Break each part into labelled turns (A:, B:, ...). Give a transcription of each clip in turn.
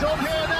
A: Job here now.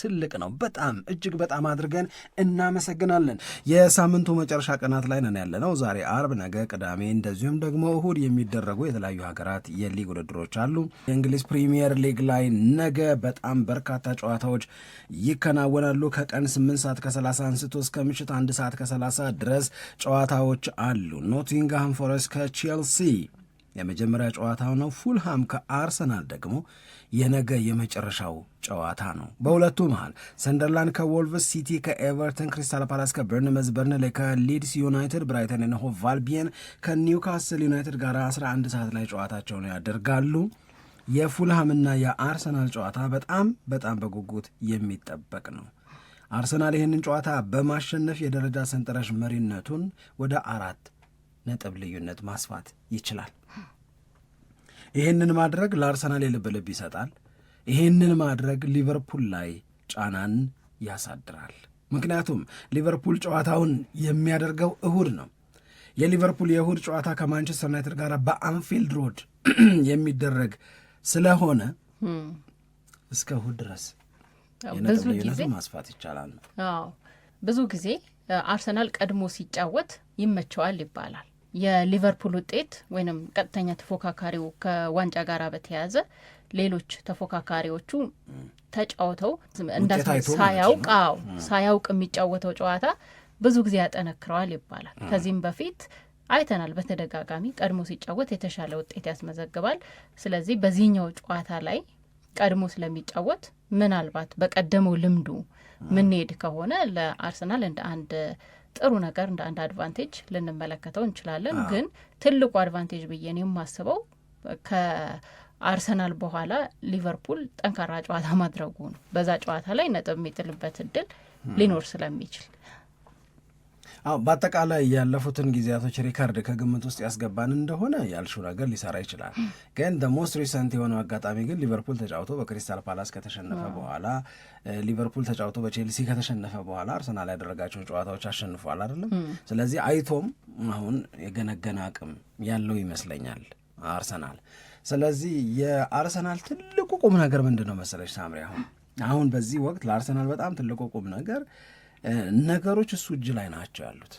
A: ትልቅ ነው። በጣም እጅግ በጣም አድርገን እናመሰግናለን። የሳምንቱ መጨረሻ ቀናት ላይ ነን ያለ ነው። ዛሬ አርብ፣ ነገ ቅዳሜ፣ እንደዚሁም ደግሞ እሁድ የሚደረጉ የተለያዩ ሀገራት የሊግ ውድድሮች አሉ። የእንግሊዝ ፕሪሚየር ሊግ ላይ ነገ በጣም በርካታ ጨዋታዎች ይከናወናሉ። ከቀን 8 ሰዓት ከ30 አንስቶ እስከ ምሽት 1 ሰዓት ከ30 ድረስ ጨዋታዎች አሉ። ኖቲንግሃም ፎረስት ከቼልሲ የመጀመሪያ ጨዋታው ነው። ፉልሃም ከአርሰናል ደግሞ የነገ የመጨረሻው ጨዋታ ነው። በሁለቱ መሃል ሰንደርላንድ ከዎልቭስ፣ ሲቲ ከኤቨርተን፣ ክሪስታል ፓላስ ከበርንመዝ፣ በርንሌ ከሊድስ ዩናይትድ፣ ብራይተን ነሆ ቫልቢየን ከኒውካስል ዩናይትድ ጋር 11 ሰዓት ላይ ጨዋታቸውን ያደርጋሉ። የፉልሃምና የአርሰናል ጨዋታ በጣም በጣም በጉጉት የሚጠበቅ ነው። አርሰናል ይህንን ጨዋታ በማሸነፍ የደረጃ ሰንጠረዥ መሪነቱን ወደ አራት ነጥብ ልዩነት ማስፋት ይችላል። ይሄንን ማድረግ ለአርሰናል የልብ ልብ ይሰጣል። ይሄንን ማድረግ ሊቨርፑል ላይ ጫናን ያሳድራል። ምክንያቱም ሊቨርፑል ጨዋታውን የሚያደርገው እሁድ ነው። የሊቨርፑል የእሁድ ጨዋታ ከማንቸስተር ዩናይትድ ጋር በአንፊልድ ሮድ የሚደረግ ስለሆነ እስከ እሁድ ድረስ የነጥብ ማስፋት ይቻላል ነው።
B: ብዙ ጊዜ አርሰናል ቀድሞ ሲጫወት ይመቸዋል ይባላል የሊቨርፑል ውጤት ወይም ቀጥተኛ ተፎካካሪው ከዋንጫ ጋር በተያያዘ ሌሎች ተፎካካሪዎቹ ተጫውተው ሳያውቅ አዎ ሳያውቅ የሚጫወተው ጨዋታ ብዙ ጊዜ ያጠነክረዋል ይባላል። ከዚህም በፊት አይተናል በተደጋጋሚ ቀድሞ ሲጫወት የተሻለ ውጤት ያስመዘግባል። ስለዚህ በዚህኛው ጨዋታ ላይ ቀድሞ ስለሚጫወት ምናልባት በቀደመው ልምዱ ምንሄድ ከሆነ ለአርሰናል እንደ አንድ ጥሩ ነገር እንደ አንድ አድቫንቴጅ ልንመለከተው እንችላለን። ግን ትልቁ አድቫንቴጅ ብዬን የማስበው ከአርሰናል በኋላ ሊቨርፑል ጠንካራ ጨዋታ ማድረጉ ነው። በዛ ጨዋታ ላይ ነጥብ የሚጥልበት እድል ሊኖር ስለሚችል
A: አዎ በአጠቃላይ ያለፉትን ጊዜያቶች ሪካርድ ከግምት ውስጥ ያስገባን እንደሆነ ያልሹ ነገር ሊሰራ ይችላል። ግን ሞስት ሪሰንት የሆነው አጋጣሚ ግን ሊቨርፑል ተጫውቶ በክሪስታል ፓላስ ከተሸነፈ በኋላ ሊቨርፑል ተጫውቶ በቼልሲ ከተሸነፈ በኋላ አርሰናል ያደረጋቸውን ጨዋታዎች አሸንፏል አይደለም። ስለዚህ አይቶም አሁን የገነገነ አቅም ያለው ይመስለኛል አርሰናል። ስለዚህ የአርሰናል ትልቁ ቁም ነገር ምንድን ነው መሰለች ሳምሪ? አሁን አሁን በዚህ ወቅት ለአርሰናል በጣም ትልቁ ቁም ነገር ነገሮች እሱ እጅ ላይ ናቸው ያሉት።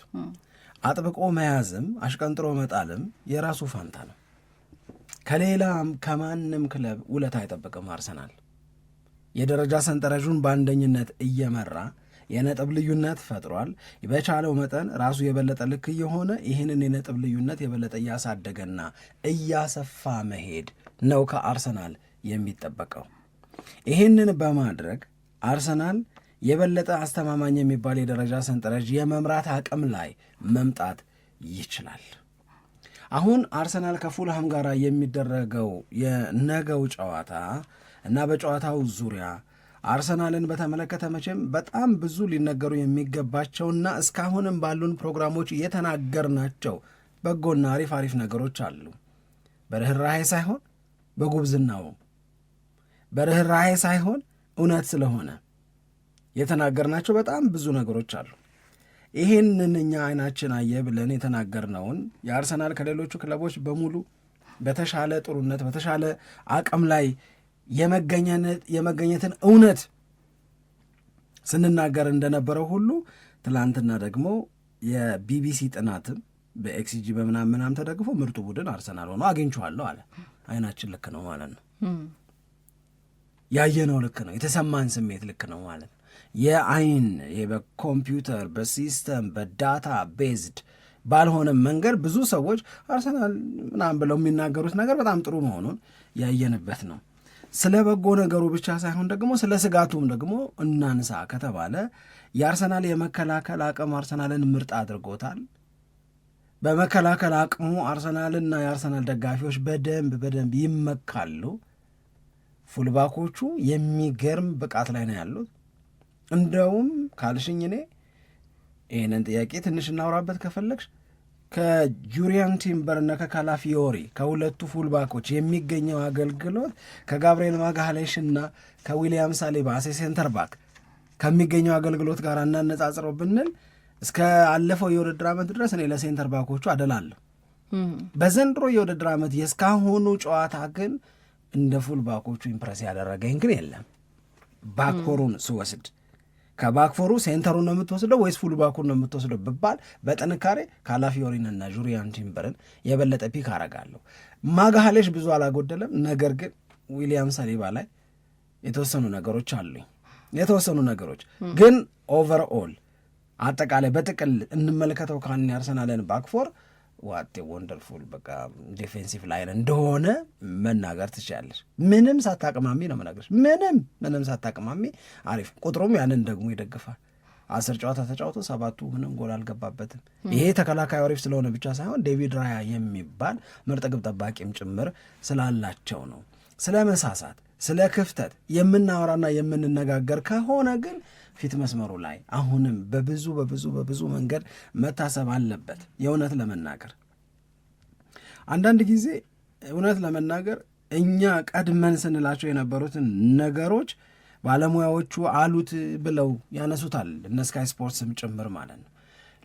A: አጥብቆ መያዝም አሽቀንጥሮ መጣልም የራሱ ፋንታ ነው። ከሌላም ከማንም ክለብ ውለታ አይጠብቅም። አርሰናል የደረጃ ሰንጠረዡን በአንደኝነት እየመራ የነጥብ ልዩነት ፈጥሯል። በቻለው መጠን ራሱ የበለጠ ልክ እየሆነ ይህንን የነጥብ ልዩነት የበለጠ እያሳደገና እያሰፋ መሄድ ነው ከአርሰናል የሚጠበቀው። ይህንን በማድረግ አርሰናል የበለጠ አስተማማኝ የሚባል የደረጃ ሰንጠረዥ የመምራት አቅም ላይ መምጣት ይችላል። አሁን አርሰናል ከፉልሃም ጋር የሚደረገው የነገው ጨዋታ እና በጨዋታው ዙሪያ አርሰናልን በተመለከተ መቼም በጣም ብዙ ሊነገሩ የሚገባቸውና እስካሁንም ባሉን ፕሮግራሞች የተናገርናቸው በጎና አሪፍ አሪፍ ነገሮች አሉ። በርኅራሄ ሳይሆን በጉብዝናው፣ በርኅራሄ ሳይሆን እውነት ስለሆነ የተናገርናቸው በጣም ብዙ ነገሮች አሉ። ይሄንን እኛ አይናችን አየ ብለን የተናገርነውን የአርሰናል ከሌሎቹ ክለቦች በሙሉ በተሻለ ጥሩነት በተሻለ አቅም ላይ የመገኘትን እውነት ስንናገር እንደነበረው ሁሉ ትላንትና ደግሞ የቢቢሲ ጥናትም በኤክስጂ በምናም ምናም ተደግፎ ምርጡ ቡድን አርሰናል ሆኖ አግኝቼዋለሁ አለ። አይናችን ልክ ነው ማለት ነው። ያየነው ልክ ነው። የተሰማን ስሜት ልክ ነው ማለት ነው። የአይን በኮምፒውተር በሲስተም በዳታ ቤዝድ ባልሆነ መንገድ ብዙ ሰዎች አርሰናል ምናምን ብለው የሚናገሩት ነገር በጣም ጥሩ መሆኑን ያየንበት ነው። ስለ በጎ ነገሩ ብቻ ሳይሆን ደግሞ ስለ ስጋቱም ደግሞ እናንሳ ከተባለ የአርሰናል የመከላከል አቅም አርሰናልን ምርጥ አድርጎታል። በመከላከል አቅሙ አርሰናልና የአርሰናል ደጋፊዎች በደንብ በደንብ ይመካሉ። ፉልባኮቹ የሚገርም ብቃት ላይ ነው ያሉት። እንደውም ካልሽኝ እኔ ይህንን ጥያቄ ትንሽ እናውራበት ከፈለግሽ ከጁሪያን ቲምበር እና ከካላፊዮሪ ከሁለቱ ፉልባኮች የሚገኘው አገልግሎት ከጋብርኤል ማጋሌሽ እና ከዊሊያም ሳሊባ አሴ ሴንተር ባክ ከሚገኘው አገልግሎት ጋር እናነጻጽረው ብንል እስከ አለፈው የውድድር ዓመት ድረስ እኔ ለሴንተር ባኮቹ አደላለሁ። በዘንድሮ የውድድር ዓመት የእስካሁኑ ጨዋታ ግን እንደ ፉልባኮቹ ኢምፕረስ ያደረገኝ ግን የለም ባኮሩን ስወስድ ከባክፎሩ ሴንተሩ ነው የምትወስደው ወይስ ፉልባኩን ነው የምትወስደው ብባል በጥንካሬ ካላፊዮሪንና ጁሪያን ቲምበርን የበለጠ ፒክ አረጋለሁ። ማጋሃሌሽ ብዙ አላጎደለም፣ ነገር ግን ዊሊያም ሰሊባ ላይ የተወሰኑ ነገሮች አሉኝ። የተወሰኑ ነገሮች ግን ኦቨርኦል አጠቃላይ በጥቅል እንመለከተው ካን የአርሰናልን ባክፎር ዋቴ ወንደርፉል በቃ ዲፌንሲቭ ላይን እንደሆነ መናገር ትችላለች። ምንም ሳታቅማሚ ነው መናገር ምንም ምንም ሳታቅማሚ አሪፍ። ቁጥሩም ያንን ደግሞ ይደግፋል። አስር ጨዋታ ተጫውቶ ሰባቱ ምንም ጎል አልገባበትም። ይሄ ተከላካዩ አሪፍ ስለሆነ ብቻ ሳይሆን ዴቪድ ራያ የሚባል ምርጥ ግብ ጠባቂም ጭምር ስላላቸው ነው። ስለ መሳሳት ስለ ክፍተት የምናወራና የምንነጋገር ከሆነ ግን ፊት መስመሩ ላይ አሁንም በብዙ በብዙ በብዙ መንገድ መታሰብ አለበት። የእውነት ለመናገር አንዳንድ ጊዜ እውነት ለመናገር እኛ ቀድመን ስንላቸው የነበሩትን ነገሮች ባለሙያዎቹ አሉት ብለው ያነሱታል እነ ስካይ ስፖርትስም ጭምር ማለት ነው።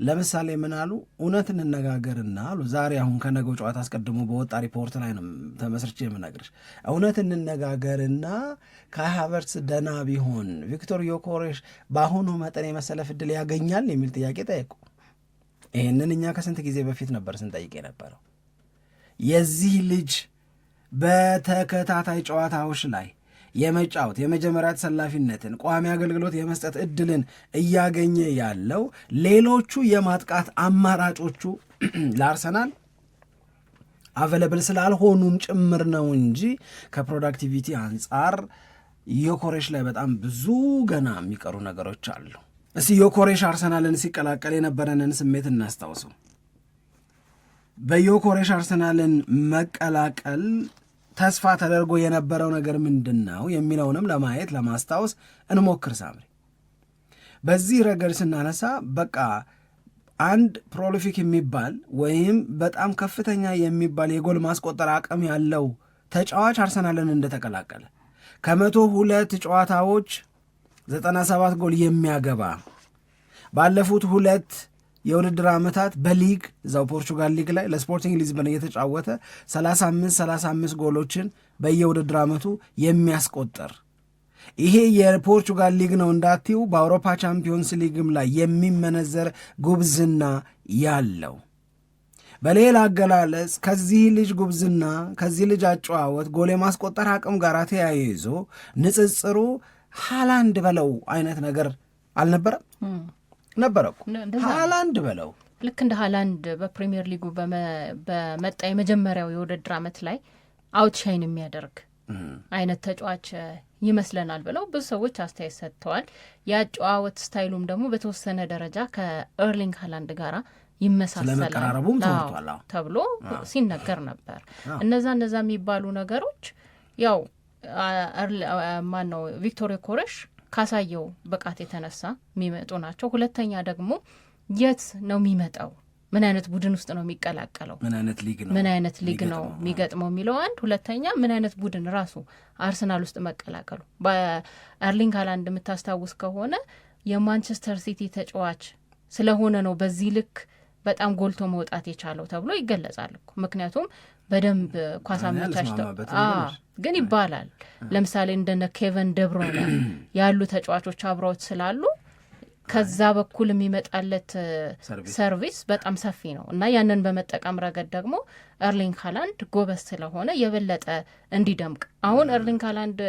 A: ለምሳሌ ምን አሉ? እውነት እንነጋገርና አሉ ዛሬ አሁን ከነገው ጨዋታ አስቀድሞ በወጣ ሪፖርት ላይ ነው ተመስርቼ የምነግርሽ። እውነት እንነጋገርና ካይ ሃቨርትስ ደና ቢሆን ቪክቶር ዮኮሬሽ በአሁኑ መጠን የመሰለፍ እድል ያገኛል የሚል ጥያቄ ጠየቁ። ይህንን እኛ ከስንት ጊዜ በፊት ነበር ስንጠይቅ የነበረው የዚህ ልጅ በተከታታይ ጨዋታዎች ላይ የመጫወት የመጀመሪያ ተሰላፊነትን ቋሚ አገልግሎት የመስጠት እድልን እያገኘ ያለው ሌሎቹ የማጥቃት አማራጮቹ ላርሰናል አቬለብል ስላልሆኑም ጭምር ነው እንጂ ከፕሮዳክቲቪቲ አንጻር ዮኮሬሽ ላይ በጣም ብዙ ገና የሚቀሩ ነገሮች አሉ። እስቲ ዮኮሬሽ አርሰናልን ሲቀላቀል የነበረንን ስሜት እናስታውሰው። በዮኮሬሽ አርሰናልን መቀላቀል ተስፋ ተደርጎ የነበረው ነገር ምንድን ነው የሚለውንም ለማየት ለማስታወስ እንሞክር። ሳምሪ በዚህ ረገድ ስናነሳ በቃ አንድ ፕሮሊፊክ የሚባል ወይም በጣም ከፍተኛ የሚባል የጎል ማስቆጠር አቅም ያለው ተጫዋች አርሰናልን እንደተቀላቀለ ከመቶ ሁለት ጨዋታዎች 97 ጎል የሚያገባ ባለፉት ሁለት የውድድር ዓመታት በሊግ እዛው ፖርቹጋል ሊግ ላይ ለስፖርቲንግ ሊዝበን እየተጫወተ 35 35 ጎሎችን በየውድድር ዓመቱ የሚያስቆጠር ይሄ የፖርቹጋል ሊግ ነው እንዳትዩ፣ በአውሮፓ ቻምፒዮንስ ሊግም ላይ የሚመነዘር ጉብዝና ያለው በሌላ አገላለጽ ከዚህ ልጅ ጉብዝና ከዚህ ልጅ አጨዋወት ጎል የማስቆጠር አቅም ጋር ተያይዞ ንጽጽሩ ሃላንድ በለው አይነት ነገር አልነበረም። ነበረ እኮ ሀላንድ በለው
B: ልክ እንደ ሀላንድ በፕሪሚየር ሊጉ በመጣ የመጀመሪያው የውድድር አመት ላይ አውትሻይን የሚያደርግ አይነት ተጫዋች ይመስለናል ብለው ብዙ ሰዎች አስተያየት ሰጥተዋል። የአጨዋወት ስታይሉም ደግሞ በተወሰነ ደረጃ ከኤርሊንግ ሀላንድ ጋር ይመሳሰላል ተብሎ ሲነገር ነበር። እነዛ እነዛ የሚባሉ ነገሮች ያው ማን ነው ቪክቶሪ ኮረሽ ካሳየው ብቃት የተነሳ የሚመጡ ናቸው። ሁለተኛ ደግሞ የት ነው የሚመጣው? ምን አይነት ቡድን ውስጥ ነው የሚቀላቀለው? ምን አይነት ሊግ ነው የሚገጥመው የሚለው አንድ። ሁለተኛ ምን አይነት ቡድን ራሱ አርሰናል ውስጥ መቀላቀሉ። በአርሊንግ ሃላንድ የምታስታውስ ከሆነ የማንቸስተር ሲቲ ተጫዋች ስለሆነ ነው በዚህ ልክ በጣም ጎልቶ መውጣት የቻለው ተብሎ ይገለጻል። ምክንያቱም በደንብ ኳስ አመቻችተው ግን ይባላል። ለምሳሌ እንደነ ኬቨን ደብሮነ ያሉ ተጫዋቾች አብረውት ስላሉ ከዛ በኩል የሚመጣለት ሰርቪስ በጣም ሰፊ ነው እና ያንን በመጠቀም ረገድ ደግሞ ኤርሊንግ ሃላንድ ጎበዝ ስለሆነ የበለጠ እንዲደምቅ አሁን ኤርሊንግ ሃላንድ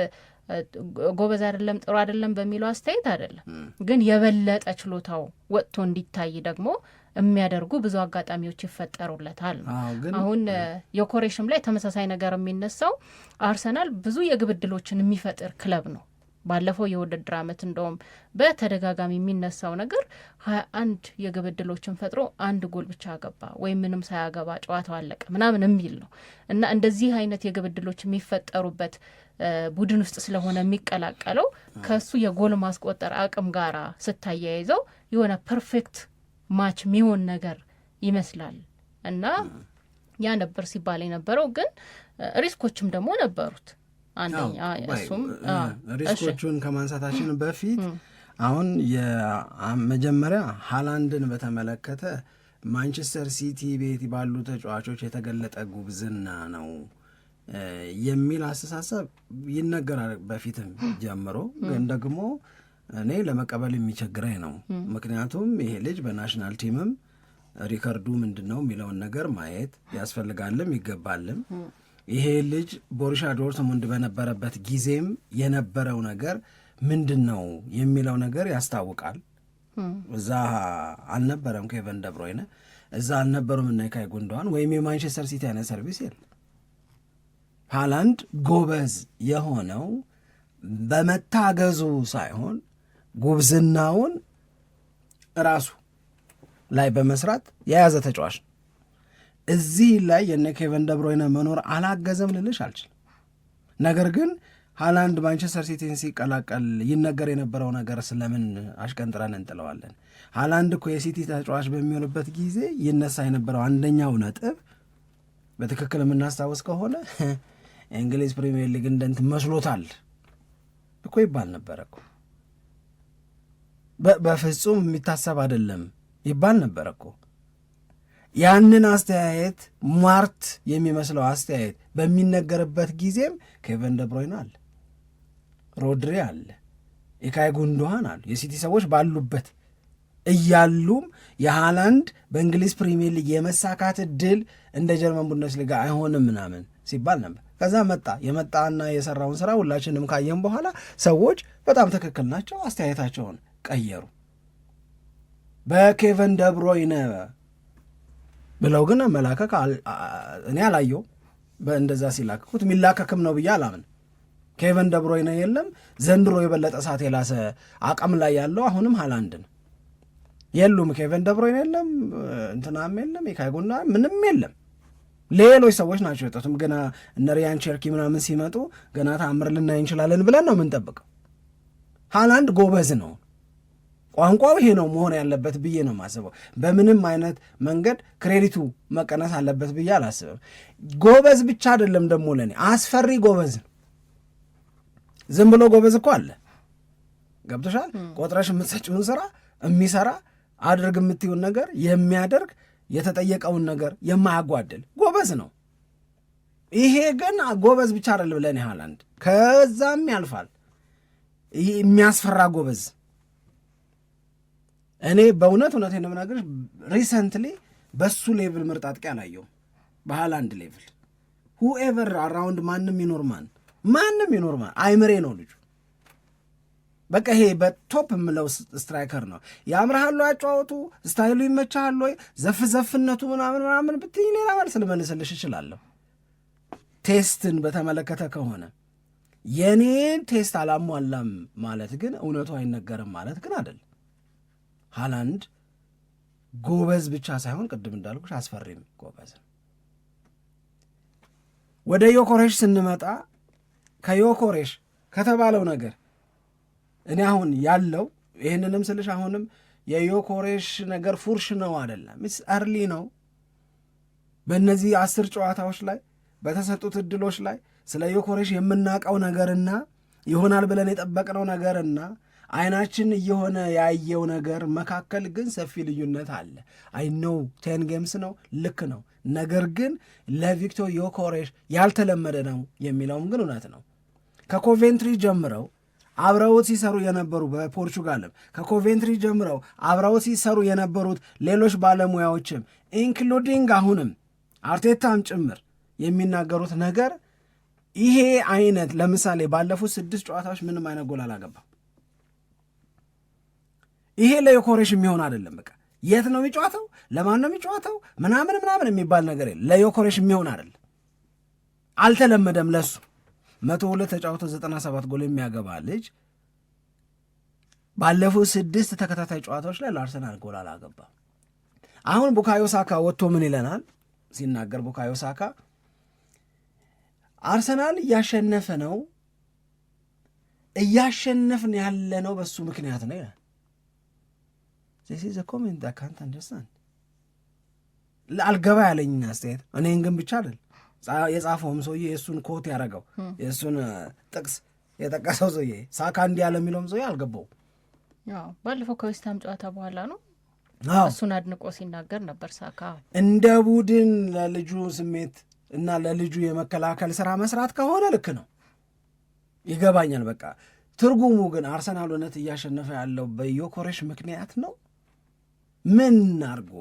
B: ጎበዝ አይደለም ጥሩ አይደለም በሚለው አስተያየት አይደለም፣ ግን የበለጠ ችሎታው ወጥቶ እንዲታይ ደግሞ የሚያደርጉ ብዙ አጋጣሚዎች ይፈጠሩለታል ነው። አሁን የኮሬሽም ላይ ተመሳሳይ ነገር የሚነሳው አርሰናል ብዙ የግብ ዕድሎችን የሚፈጥር ክለብ ነው። ባለፈው የውድድር አመት እንደውም በተደጋጋሚ የሚነሳው ነገር ሀያ አንድ የግብ ዕድሎችን ፈጥሮ አንድ ጎል ብቻ አገባ ወይም ምንም ሳያገባ ጨዋታው አለቀ ምናምን የሚል ነው እና እንደዚህ አይነት የግብ ዕድሎች የሚፈጠሩበት ቡድን ውስጥ ስለሆነ የሚቀላቀለው ከሱ የጎል ማስቆጠር አቅም ጋራ ስታያይዘው የሆነ ፐርፌክት ማች የሚሆን ነገር ይመስላል እና ያ ነበር ሲባል የነበረው ግን ሪስኮችም ደግሞ ነበሩት።
A: አንደኛ እሱም ሪስኮቹን ከማንሳታችን በፊት አሁን የመጀመሪያ ሀላንድን በተመለከተ ማንቸስተር ሲቲ ቤት ባሉ ተጫዋቾች የተገለጠ ጉብዝና ነው የሚል አስተሳሰብ ይነገራል በፊትም ጀምሮ ግን ደግሞ እኔ ለመቀበል የሚቸግረኝ ነው። ምክንያቱም ይሄ ልጅ በናሽናል ቲምም ሪከርዱ ምንድን ነው የሚለውን ነገር ማየት ያስፈልጋልም ይገባልም። ይሄ ልጅ ቦሩሲያ ዶርትሙንድ በነበረበት ጊዜም የነበረው ነገር ምንድን ነው የሚለው ነገር ያስታውቃል። እዛ አልነበረም ኬቨን ደብሮይነ እዛ አልነበሩም እና ካይ ወይም የማንቸስተር ሲቲ አይነት ሰርቪስ የለ ሃላንድ ጎበዝ የሆነው በመታገዙ ሳይሆን ጉብዝናውን ራሱ ላይ በመስራት የያዘ ተጫዋች ነው። እዚህ ላይ የነ ኬቨን ደብሮይነ መኖር አላገዘም ልልሽ አልችልም። ነገር ግን ሃላንድ ማንቸስተር ሲቲን ሲቀላቀል ይነገር የነበረው ነገር ስለምን አሽቀንጥረን እንጥለዋለን? ሃላንድ እኮ የሲቲ ተጫዋች በሚሆንበት ጊዜ ይነሳ የነበረው አንደኛው ነጥብ በትክክል የምናስታውስ ከሆነ የእንግሊዝ ፕሪሚየር ሊግ እንደንት መስሎታል እኮ ይባል ነበረ እኮ በፍጹም የሚታሰብ አይደለም ይባል ነበር እኮ። ያንን አስተያየት ሟርት የሚመስለው አስተያየት በሚነገርበት ጊዜም ኬቨን ደብሮይን አለ፣ ሮድሪ አለ፣ ኢካይ ጉንዶሃን አሉ የሲቲ ሰዎች ባሉበት እያሉም የሃላንድ በእንግሊዝ ፕሪሚየር ሊግ የመሳካት እድል እንደ ጀርመን ቡንደስሊጋ አይሆንም ምናምን ሲባል ነበር። ከዛ መጣ የመጣና የሰራውን ስራ ሁላችንም ካየን በኋላ ሰዎች በጣም ትክክል ናቸው አስተያየታቸውን ቀየሩ በኬቨን ደብሮይነ ብለው ግን መላከክ እኔ አላየው። በእንደዛ ሲላከኩት የሚላከክም ነው ብዬ አላምን። ኬቨን ደብሮይነ የለም ዘንድሮ የበለጠ ሰዓት የላሰ አቅም ላይ ያለው አሁንም ሀላንድ ነው። የሉም ኬቨን ደብሮይነ የለም፣ እንትናም የለም፣ የካይጎና ምንም የለም። ሌሎች ሰዎች ናቸው የወጡትም። ገና እነ ሪያን ቸርኪ ምናምን ሲመጡ ገና ተአምር ልናይ እንችላለን ብለን ነው የምንጠብቀው። ሃላንድ ጎበዝ ነው ቋንቋው ይሄ ነው መሆን ያለበት ብዬ ነው የማስበው። በምንም አይነት መንገድ ክሬዲቱ መቀነስ አለበት ብዬ አላስብም። ጎበዝ ብቻ አይደለም ደግሞ ለእኔ አስፈሪ ጎበዝ ዝም ብሎ ጎበዝ እኮ አለ። ገብቶሻል? ቆጥረሽ የምትሰጪውን ስራ የሚሰራ አድርግ የምትይውን ነገር የሚያደርግ የተጠየቀውን ነገር የማያጓድል ጎበዝ ነው። ይሄ ግን ጎበዝ ብቻ አይደለም ለእኔ ሃላንድ ከዛም ያልፋል። የሚያስፈራ ጎበዝ እኔ በእውነት እውነት ነው የምናገርሽ ሪሰንትሊ በሱ ሌቭል ምርጥ አጥቂ አላየውም። በሃላንድ ሌቭል ሁኤቨር አራውንድ ማንም ይኖር ማን ማንም ይኖር ማን አይምሬ ነው ልጁ በቃ ይሄ በቶፕ የምለው ስትራይከር ነው። ያምርሃሉ፣ አጫወቱ ስታይሉ ይመቻሃል ወይ ዘፍ ዘፍነቱ ምናምን ምናምን ብትይ ሌላ መልስ ልመልስልሽ እችላለሁ። ቴስትን በተመለከተ ከሆነ የኔን ቴስት አላሟላም ማለት ግን እውነቱ አይነገርም ማለት ግን አይደለም። ሃላንድ ጎበዝ ብቻ ሳይሆን ቅድም እንዳልኩሽ አስፈሪም ጎበዝ ወደ ዮኮሬሽ ስንመጣ ከዮኮሬሽ ከተባለው ነገር እኔ አሁን ያለው ይህንንም ስልሽ አሁንም የዮኮሬሽ ነገር ፉርሽ ነው አይደለም፣ ሚስ አርሊ ነው። በእነዚህ አስር ጨዋታዎች ላይ በተሰጡት እድሎች ላይ ስለ ዮኮሬሽ የምናውቀው ነገርና ይሆናል ብለን የጠበቅነው ነገርና አይናችን እየሆነ ያየው ነገር መካከል ግን ሰፊ ልዩነት አለ። አይ ኖው ቴን ጌምስ ነው ልክ ነው። ነገር ግን ለቪክቶር ዮኮሬሽ ያልተለመደ ነው የሚለውም ግን እውነት ነው። ከኮቬንትሪ ጀምረው አብረውት ሲሰሩ የነበሩ በፖርቹጋልም ከኮቬንትሪ ጀምረው አብረውት ሲሰሩ የነበሩት ሌሎች ባለሙያዎችም ኢንክሉዲንግ አሁንም አርቴታም ጭምር የሚናገሩት ነገር ይሄ አይነት ለምሳሌ ባለፉት ስድስት ጨዋታዎች ምንም አይነት ጎል አላገባም። ይሄ ለዮኮሬሽ የሚሆን አይደለም። በቃ የት ነው የሚጫወተው፣ ለማን ነው የሚጫወተው ምናምን ምናምን የሚባል ነገር የለ። ለዮኮሬሽ የሚሆን አይደለም፣ አልተለመደም ለሱ። መቶ ሁለት ተጫውቶ ዘጠና ሰባት ጎል የሚያገባ ልጅ ባለፉት ስድስት ተከታታይ ጨዋታዎች ላይ ለአርሰናል ጎል አላገባም። አሁን ቡካዮ ሳካ ወጥቶ ምን ይለናል ሲናገር ቡካዮ ሳካ አርሰናል እያሸነፈ ነው እያሸነፍን ያለነው በሱ ምክንያት ነው ይላል። ዚስ ኢዝ ኮሜንት ካንት አንደርስታንድ አልገባ አስተያየት እኔን ግን ብቻ አይደል የጻፈውም ሰውዬ የእሱን ኮት ያደረገው hmm. የእሱን uh, ጥቅስ የጠቀሰው ሰውዬ ሳካ እንዲህ ያለ የሚለውም ሰውዬ አልገባው።
B: ባለፈው ከዌስትሃም ጨዋታ በኋላ ነው እሱን አድንቆ ሲናገር ነበር። ሳካ
A: እንደ ቡድን ለልጁ ስሜት እና ለልጁ የመከላከል ስራ መስራት ከሆነ ልክ ነው፣ ይገባኛል። በቃ ትርጉሙ ግን አርሰናል እውነት እያሸነፈ ያለው በዮኮሬሽ ምክንያት ነው ምን አርጎ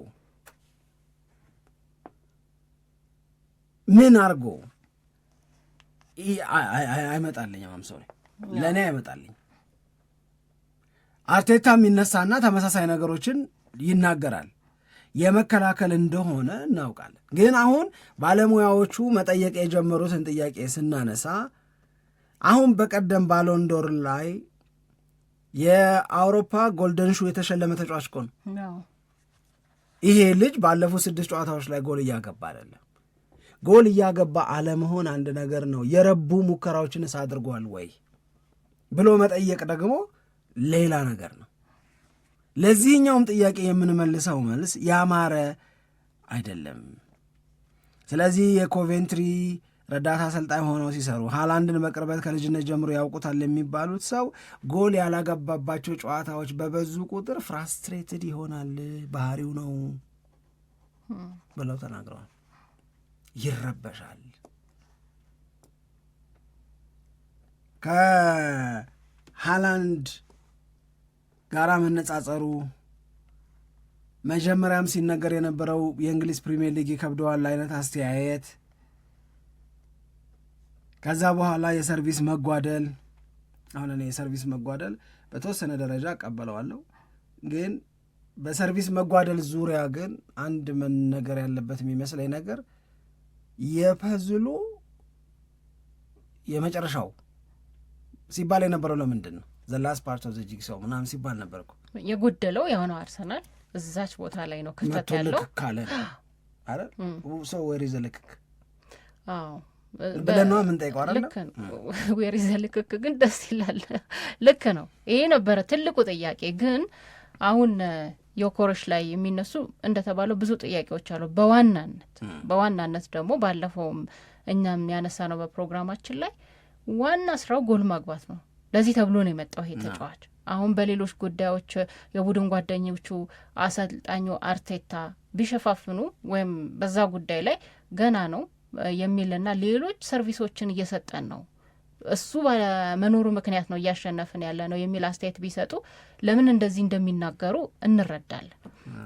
A: ምን አርጎ አይመጣልኝ ማምሰው ለእኔ አይመጣልኝ። አርቴታ የሚነሳና ተመሳሳይ ነገሮችን ይናገራል። የመከላከል እንደሆነ እናውቃለን። ግን አሁን ባለሙያዎቹ መጠየቅ የጀመሩትን ጥያቄ ስናነሳ አሁን በቀደም ባሎንዶር ላይ የአውሮፓ ጎልደንሹ የተሸለመ ተጫዋች እኮ ነው። ይሄ ልጅ ባለፉት ስድስት ጨዋታዎች ላይ ጎል እያገባ አይደለም። ጎል እያገባ አለመሆን አንድ ነገር ነው። የረቡ ሙከራዎችንስ አድርጓል ወይ ብሎ መጠየቅ ደግሞ ሌላ ነገር ነው። ለዚህኛውም ጥያቄ የምንመልሰው መልስ ያማረ አይደለም። ስለዚህ የኮቬንትሪ ረዳት አሰልጣኝ ሆነው ሲሰሩ ሃላንድን በቅርበት ከልጅነት ጀምሮ ያውቁታል የሚባሉት ሰው ጎል ያላገባባቸው ጨዋታዎች በበዙ ቁጥር ፍራስትሬትድ ይሆናል፣ ባህሪው ነው ብለው ተናግረዋል። ይረበሻል። ከሃላንድ ጋራ መነጻጸሩ መጀመሪያም ሲነገር የነበረው የእንግሊዝ ፕሪሚየር ሊግ ይከብደዋል አይነት አስተያየት ከዛ በኋላ የሰርቪስ መጓደል አሁን እኔ የሰርቪስ መጓደል በተወሰነ ደረጃ እቀበለዋለሁ፣ ግን በሰርቪስ መጓደል ዙሪያ ግን አንድ መነገር ያለበት የሚመስለኝ ነገር የፐዝሉ የመጨረሻው ሲባል የነበረው ለምንድን ነው ዘላስ ፓርት ኦፍ ዘ ሰው ምናምን ሲባል ነበር እኮ
B: የጎደለው የሆነው አርሰናል እዛች ቦታ ላይ ነው
A: ክፍተት ያለው ልክ ካለ አረ ሰው ወሬ ዘለክክ
B: ልክክ
A: ብለን ምን የምንጠይቀው። ልክ
B: ነው ዘ ልክክ ግን ደስ ይላል። ልክ ነው። ይሄ ነበረ ትልቁ ጥያቄ። ግን አሁን ዮኮረሽ ላይ የሚነሱ እንደተባለው ብዙ ጥያቄዎች አሉ። በዋናነት በዋናነት ደግሞ ባለፈውም እኛም ያነሳ ነው በፕሮግራማችን ላይ ዋና ስራው ጎል ማግባት ነው። ለዚህ ተብሎ ነው የመጣው ይሄ ተጫዋች። አሁን በሌሎች ጉዳዮች የቡድን ጓደኞቹ አሰልጣኙ አርቴታ ቢሸፋፍኑ ወይም በዛ ጉዳይ ላይ ገና ነው የሚልና ሌሎች ሰርቪሶችን እየሰጠን ነው እሱ በመኖሩ ምክንያት ነው እያሸነፍን ያለ ነው የሚል አስተያየት ቢሰጡ ለምን እንደዚህ እንደሚናገሩ እንረዳለን።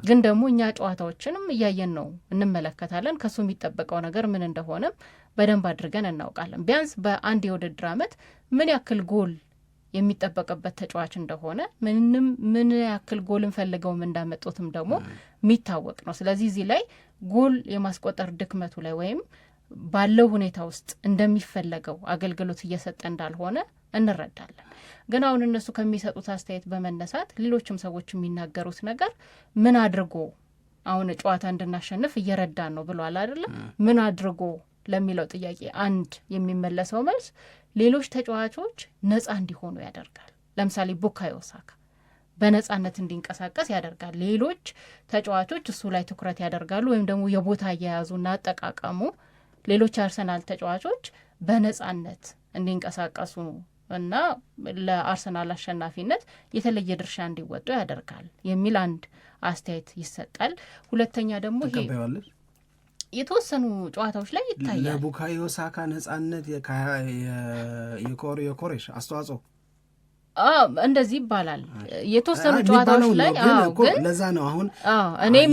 B: ግን ደግሞ እኛ ጨዋታዎችንም እያየን ነው እንመለከታለን። ከሱ የሚጠበቀው ነገር ምን እንደሆነም በደንብ አድርገን እናውቃለን። ቢያንስ በአንድ የውድድር ዓመት ምን ያክል ጎል የሚጠበቅበት ተጫዋች እንደሆነ ምንም ምን ያክል ጎል ፈልገውም እንዳመጡትም ደግሞ የሚታወቅ ነው። ስለዚህ እዚህ ላይ ጎል የማስቆጠር ድክመቱ ላይ ወይም ባለው ሁኔታ ውስጥ እንደሚፈለገው አገልግሎት እየሰጠ እንዳልሆነ እንረዳለን። ግን አሁን እነሱ ከሚሰጡት አስተያየት በመነሳት ሌሎችም ሰዎች የሚናገሩት ነገር ምን አድርጎ አሁን ጨዋታ እንድናሸንፍ እየረዳን ነው ብሏል አይደለም? ምን አድርጎ ለሚለው ጥያቄ አንድ የሚመለሰው መልስ ሌሎች ተጫዋቾች ነጻ እንዲሆኑ ያደርጋል። ለምሳሌ ቡካዮ ሳካ በነጻነት እንዲንቀሳቀስ ያደርጋል። ሌሎች ተጫዋቾች እሱ ላይ ትኩረት ያደርጋሉ ወይም ደግሞ የቦታ አያያዙና አጠቃቀሙ ሌሎች አርሰናል ተጫዋቾች በነጻነት እንዲንቀሳቀሱ እና ለአርሰናል አሸናፊነት የተለየ ድርሻ እንዲወጡ ያደርጋል የሚል አንድ አስተያየት ይሰጣል። ሁለተኛ ደግሞ የተወሰኑ ጨዋታዎች ላይ
A: ይታያል። ለቡካዮ ሳካ ነጻነት የኮሬሽ አስተዋጽኦ
B: እንደዚህ ይባላል። የተወሰኑ ጨዋታዎች ላይ
A: ግን ለዛ ነው አሁን እኔም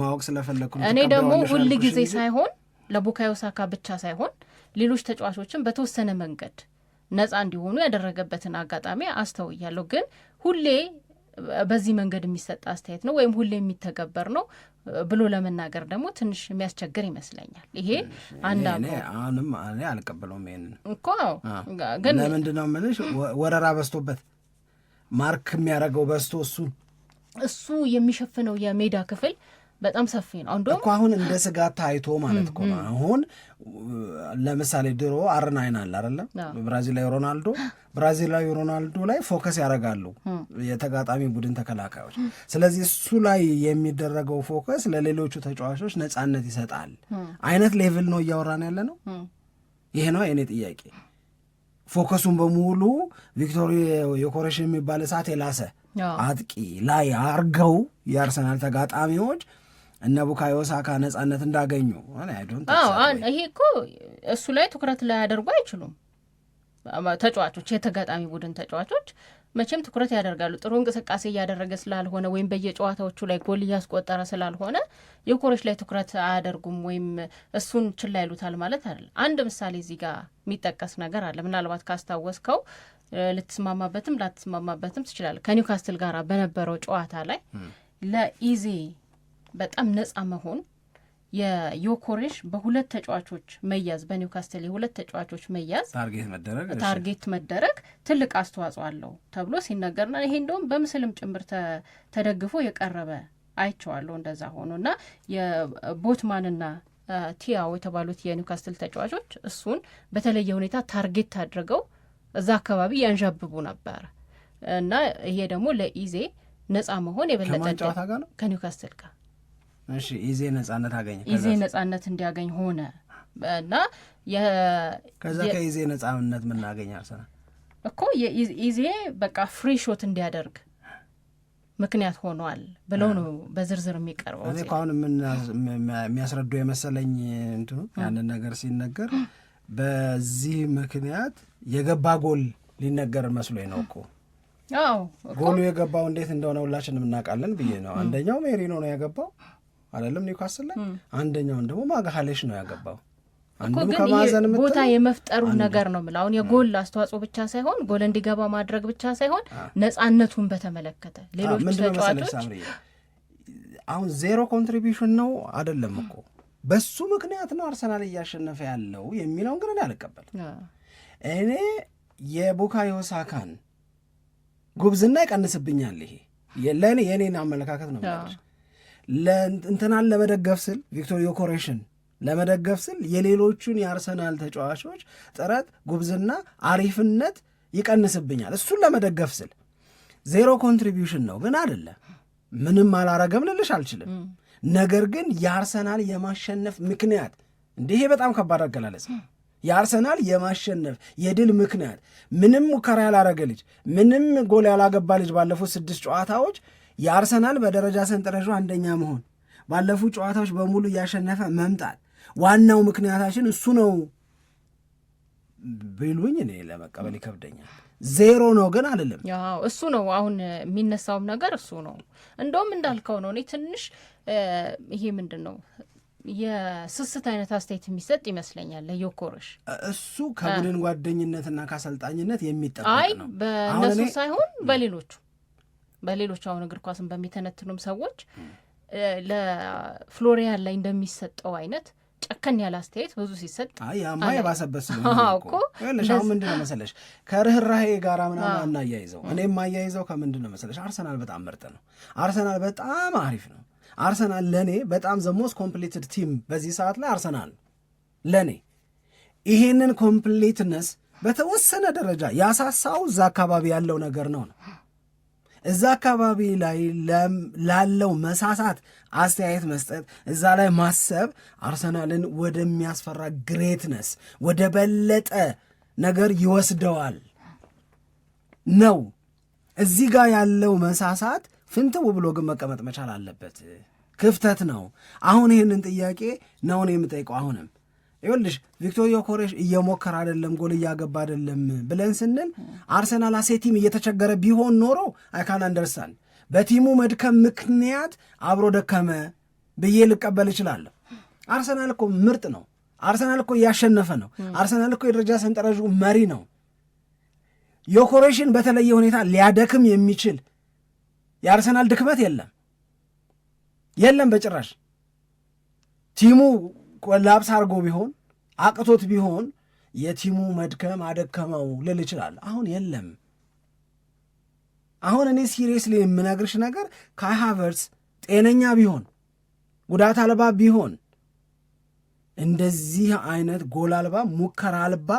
A: ማወቅ ስለፈለግኩ
B: እኔ ደግሞ ሁል ጊዜ ሳይሆን ለቡካዮ ሳካ ብቻ ሳይሆን ሌሎች ተጫዋቾችን በተወሰነ መንገድ ነጻ እንዲሆኑ ያደረገበትን አጋጣሚ አስተውያለሁ። ግን ሁሌ በዚህ መንገድ የሚሰጥ አስተያየት ነው ወይም ሁሌ የሚተገበር ነው ብሎ ለመናገር ደግሞ ትንሽ የሚያስቸግር ይመስለኛል። ይሄ
A: አንድ አሁንም እኔ አልቀበለውም። ይሄንን እኮ ግን ለምንድን ነው የምልሽ፣ ወረራ በዝቶበት ማርክ የሚያደርገው በዝቶ እሱ
B: እሱ የሚሸፍነው የሜዳ ክፍል በጣም ሰፊ
A: ነው አንዱ እኮ አሁን እንደ ስጋት ታይቶ ማለት እኮ ነው። አሁን ለምሳሌ ድሮ አርናይን አለ አይደለም፣ ብራዚላዊ ሮናልዶ ብራዚላዊ ሮናልዶ ላይ ፎከስ ያደርጋሉ የተጋጣሚ ቡድን ተከላካዮች። ስለዚህ እሱ ላይ የሚደረገው ፎከስ ለሌሎቹ ተጫዋቾች ነጻነት ይሰጣል አይነት ሌቭል ነው እያወራን ያለ ነው። ይሄ ነው የእኔ ጥያቄ። ፎከሱን በሙሉ ቪክቶሪ ዮኮሬሽ የሚባል እሳት የላሰ አጥቂ ላይ አርገው የአርሰናል ተጋጣሚዎች እነ ቡካዮ ሳካ ነጻነት እንዳገኙ
B: ይሄ እኮ እሱ ላይ ትኩረት ላያደርጉ አይችሉም። ተጫዋቾች የተጋጣሚ ቡድን ተጫዋቾች መቼም ትኩረት ያደርጋሉ። ጥሩ እንቅስቃሴ እያደረገ ስላልሆነ ወይም በየጨዋታዎቹ ላይ ጎል እያስቆጠረ ስላልሆነ የኮሮች ላይ ትኩረት አያደርጉም ወይም እሱን ችላ ይሉታል ማለት አይደለም። አንድ ምሳሌ እዚህ ጋር የሚጠቀስ ነገር አለ። ምናልባት ካስታወስከው ልትስማማበትም ላትስማማበትም ትችላለ። ከኒውካስትል ጋር በነበረው ጨዋታ ላይ ለኢዜ በጣም ነጻ መሆን የዮኮሬሽ በሁለት ተጫዋቾች መያዝ በኒውካስትል የሁለት ተጫዋቾች መያዝ ታርጌት መደረግ ትልቅ አስተዋጽኦ አለው ተብሎ ና ይሄ እንደውም በምስልም ጭምር ተደግፎ የቀረበ አይቸዋለሁ እንደዛ ሆኖ እና የቦትማንና ቲያው የተባሉት የኒውካስትል ተጫዋቾች እሱን በተለየ ሁኔታ ታርጌት አድርገው እዛ አካባቢ ያንዣብቡ ነበር እና ይሄ ደግሞ ለኢዜ ነጻ መሆን የበለጠ ከኒውካስትል ጋር
A: ኢዜ ነጻነት አገኘ።
B: ኢዜ ነጻነት እንዲያገኝ ሆነ እና
A: ከዛ ከኢዜ ነጻነት ምናገኝ አርሰናል
B: እኮ ኢዜ በቃ ፍሪ ሾት እንዲያደርግ ምክንያት ሆኗል ብለው ነው በዝርዝር የሚቀርበው።
A: እኔ አሁን የሚያስረዱ የመሰለኝ እንትኑ ያንን ነገር ሲነገር በዚህ ምክንያት የገባ ጎል ሊነገር መስሎኝ ነው እኮ። ጎሉ የገባው እንዴት እንደሆነ ሁላችንም እናውቃለን ብዬ ነው። አንደኛው ሜሪኖ ነው ያገባው። አይደለም ኒውካስል ላይ አንደኛውን ደግሞ ማግሃሌሽ ነው ያገባው።
B: ግን ቦታ የመፍጠሩ ነገር ነው የምልህ። አሁን የጎል አስተዋጽኦ ብቻ ሳይሆን ጎል እንዲገባ ማድረግ ብቻ ሳይሆን ነጻነቱን በተመለከተ
A: ሌሎች ተጫዋቾች አሁን ዜሮ ኮንትሪቢሽን ነው አይደለም እኮ በሱ ምክንያት ነው አርሰናል እያሸነፈ ያለው የሚለውን ግን እኔ አልቀበልም። እኔ የቡካዮ ሳካን ጉብዝና ይቀንስብኛል። ይሄ ለእኔ የእኔን አመለካከት ነው። እንትናን ለመደገፍ ስል ቪክቶር ዮኮሬሽን ለመደገፍ ስል የሌሎቹን የአርሰናል ተጫዋቾች ጥረት፣ ጉብዝና፣ አሪፍነት ይቀንስብኛል። እሱን ለመደገፍ ስል ዜሮ ኮንትሪቢሽን ነው ግን አይደለም፣ ምንም አላረገም ልልሽ አልችልም። ነገር ግን የአርሰናል የማሸነፍ ምክንያት እንዲህ በጣም ከባድ አገላለጽ የአርሰናል የማሸነፍ የድል ምክንያት ምንም ሙከራ ያላረገ ልጅ ምንም ጎል ያላገባ ልጅ ባለፉት ስድስት ጨዋታዎች የአርሰናል በደረጃ ሰንጠረዡ አንደኛ መሆን፣ ባለፉት ጨዋታዎች በሙሉ እያሸነፈ መምጣት ዋናው ምክንያታችን እሱ ነው ቢሉኝ እኔ ለመቀበል ይከብደኛል። ዜሮ ነው ግን አልልም።
B: እሱ ነው አሁን የሚነሳውም ነገር እሱ ነው። እንደውም እንዳልከው ነው። እኔ ትንሽ ይሄ ምንድን ነው የስስት አይነት አስተያየት የሚሰጥ ይመስለኛል ለዮኮረሽ
A: እሱ ከቡድን ጓደኝነትና ከአሰልጣኝነት የሚጠበቅ ነው።
B: በእነሱ ሳይሆን በሌሎቹ በሌሎች አሁን እግር ኳስን በሚተነትኑም ሰዎች ለፍሎሪያን ላይ እንደሚሰጠው አይነት ጨከን ያለ አስተያየት ብዙ ሲሰጥ
A: ያማ የባሰበት ስለሆነ አሁን ምንድን ነው መሰለሽ ከርኅራሄ ጋር ምናምን አናያይዘው። እኔ ማያይዘው ከምንድን ነው መሰለሽ አርሰናል በጣም ምርጥ ነው። አርሰናል በጣም አሪፍ ነው። አርሰናል ለእኔ በጣም ዘሞስ ኮምፕሊትድ ቲም በዚህ ሰዓት ላይ አርሰናል ለእኔ ይሄንን ኮምፕሊትነስ በተወሰነ ደረጃ ያሳሳው እዛ አካባቢ ያለው ነገር ነው ነው እዛ አካባቢ ላይ ላለው መሳሳት አስተያየት መስጠት፣ እዛ ላይ ማሰብ አርሰናልን ወደሚያስፈራ ግሬትነስ ወደ በለጠ ነገር ይወስደዋል ነው። እዚህ ጋር ያለው መሳሳት ፍንትው ብሎ ግን መቀመጥ መቻል አለበት። ክፍተት ነው። አሁን ይህንን ጥያቄ ነውን የምጠይቀው አሁንም ይኸውልሽ ቪክቶር ኮሬሽ እየሞከረ አይደለም፣ ጎል እያገባ አይደለም ብለን ስንል አርሰናል አሴቲም እየተቸገረ ቢሆን ኖሮ አይካን አንደርስታንድ በቲሙ መድከም ምክንያት አብሮ ደከመ ብዬ ልቀበል እችላለሁ። አርሰናል እኮ ምርጥ ነው። አርሰናል እኮ እያሸነፈ ነው። አርሰናል እኮ የደረጃ ሰንጠረዡ መሪ ነው። ዮኬሬሽን በተለየ ሁኔታ ሊያደክም የሚችል የአርሰናል ድክመት የለም የለም፣ በጭራሽ ቲሙ ኮላፕስ አድርጎ ቢሆን አቅቶት ቢሆን የቲሙ መድከም አደከመው ልል ይችላል። አሁን የለም። አሁን እኔ ሲሪየስሊ የምነግርሽ ነገር ካይ ሃቨርትዝ ጤነኛ ቢሆን ጉዳት አልባ ቢሆን እንደዚህ አይነት ጎል አልባ ሙከራ አልባ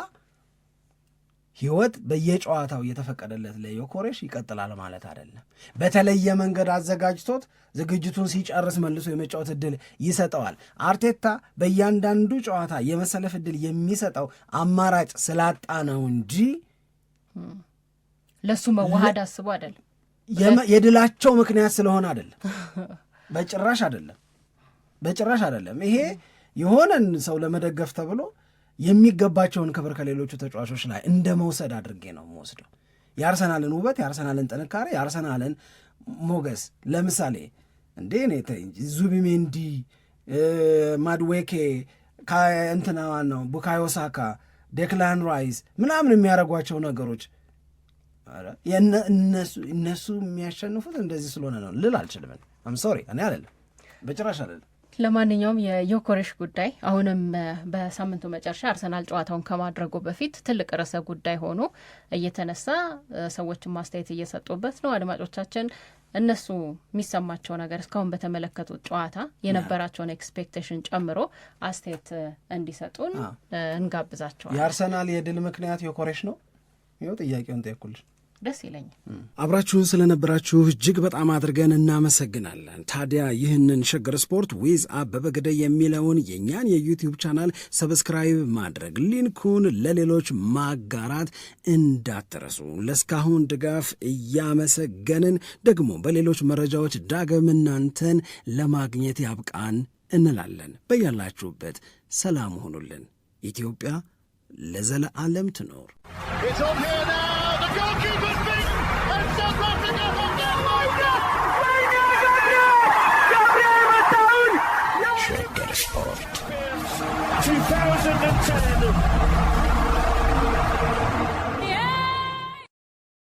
A: ህይወት በየጨዋታው እየተፈቀደለት ለዮኮሬሽ ይቀጥላል ማለት አይደለም። በተለየ መንገድ አዘጋጅቶት ዝግጅቱን ሲጨርስ መልሶ የመጫወት እድል ይሰጠዋል። አርቴታ በእያንዳንዱ ጨዋታ የመሰለፍ እድል የሚሰጠው አማራጭ ስላጣ ነው እንጂ
B: ለሱ መዋሃድ አስቦ አይደለም።
A: የድላቸው ምክንያት ስለሆነ አይደለም። በጭራሽ አይደለም፣ በጭራሽ አይደለም። ይሄ የሆነን ሰው ለመደገፍ ተብሎ የሚገባቸውን ክብር ከሌሎቹ ተጫዋቾች ላይ እንደ መውሰድ አድርጌ ነው የምወስደው። የአርሰናልን ውበት፣ የአርሰናልን ጥንካሬ፣ የአርሰናልን ሞገስ ለምሳሌ እንዴ ዙቢሜንዲ፣ ማድዌኬ፣ እንትና ነው ቡካዮሳካ፣ ዴክላን ራይስ ምናምን የሚያደርጓቸው ነገሮች እነሱ የሚያሸንፉት እንደዚህ ስለሆነ ነው ልል አልችልም። አም ሶሪ እኔ አለለም፣ በጭራሽ አይደለም።
B: ለማንኛውም የዮኮሬሽ ጉዳይ አሁንም በሳምንቱ መጨረሻ አርሰናል ጨዋታውን ከማድረጉ በፊት ትልቅ ርዕሰ ጉዳይ ሆኖ እየተነሳ ሰዎችን ማስተያየት እየሰጡበት ነው። አድማጮቻችን እነሱ የሚሰማቸው ነገር እስካሁን በተመለከቱት ጨዋታ የነበራቸውን ኤክስፔክቴሽን ጨምሮ አስተያየት እንዲሰጡን እንጋብዛቸዋል።
A: የአርሰናል የድል ምክንያት ዮኮሬሽ ነው። ይኸው ጥያቄውን ጠየኩልሽ። ደስ ይለኛል። አብራችሁን ስለነበራችሁ እጅግ በጣም አድርገን እናመሰግናለን። ታዲያ ይህንን ሸገር ስፖርት ዊዝ አበበ ግደይ የሚለውን የእኛን የዩቲዩብ ቻናል ሰብስክራይብ ማድረግ፣ ሊንኩን ለሌሎች ማጋራት እንዳትረሱ። ለእስካሁን ድጋፍ እያመሰገንን ደግሞ በሌሎች መረጃዎች ዳግም እናንተን ለማግኘት ያብቃን እንላለን። በያላችሁበት ሰላም ሆኑልን። ኢትዮጵያ ለዘለዓለም ትኖር። 2010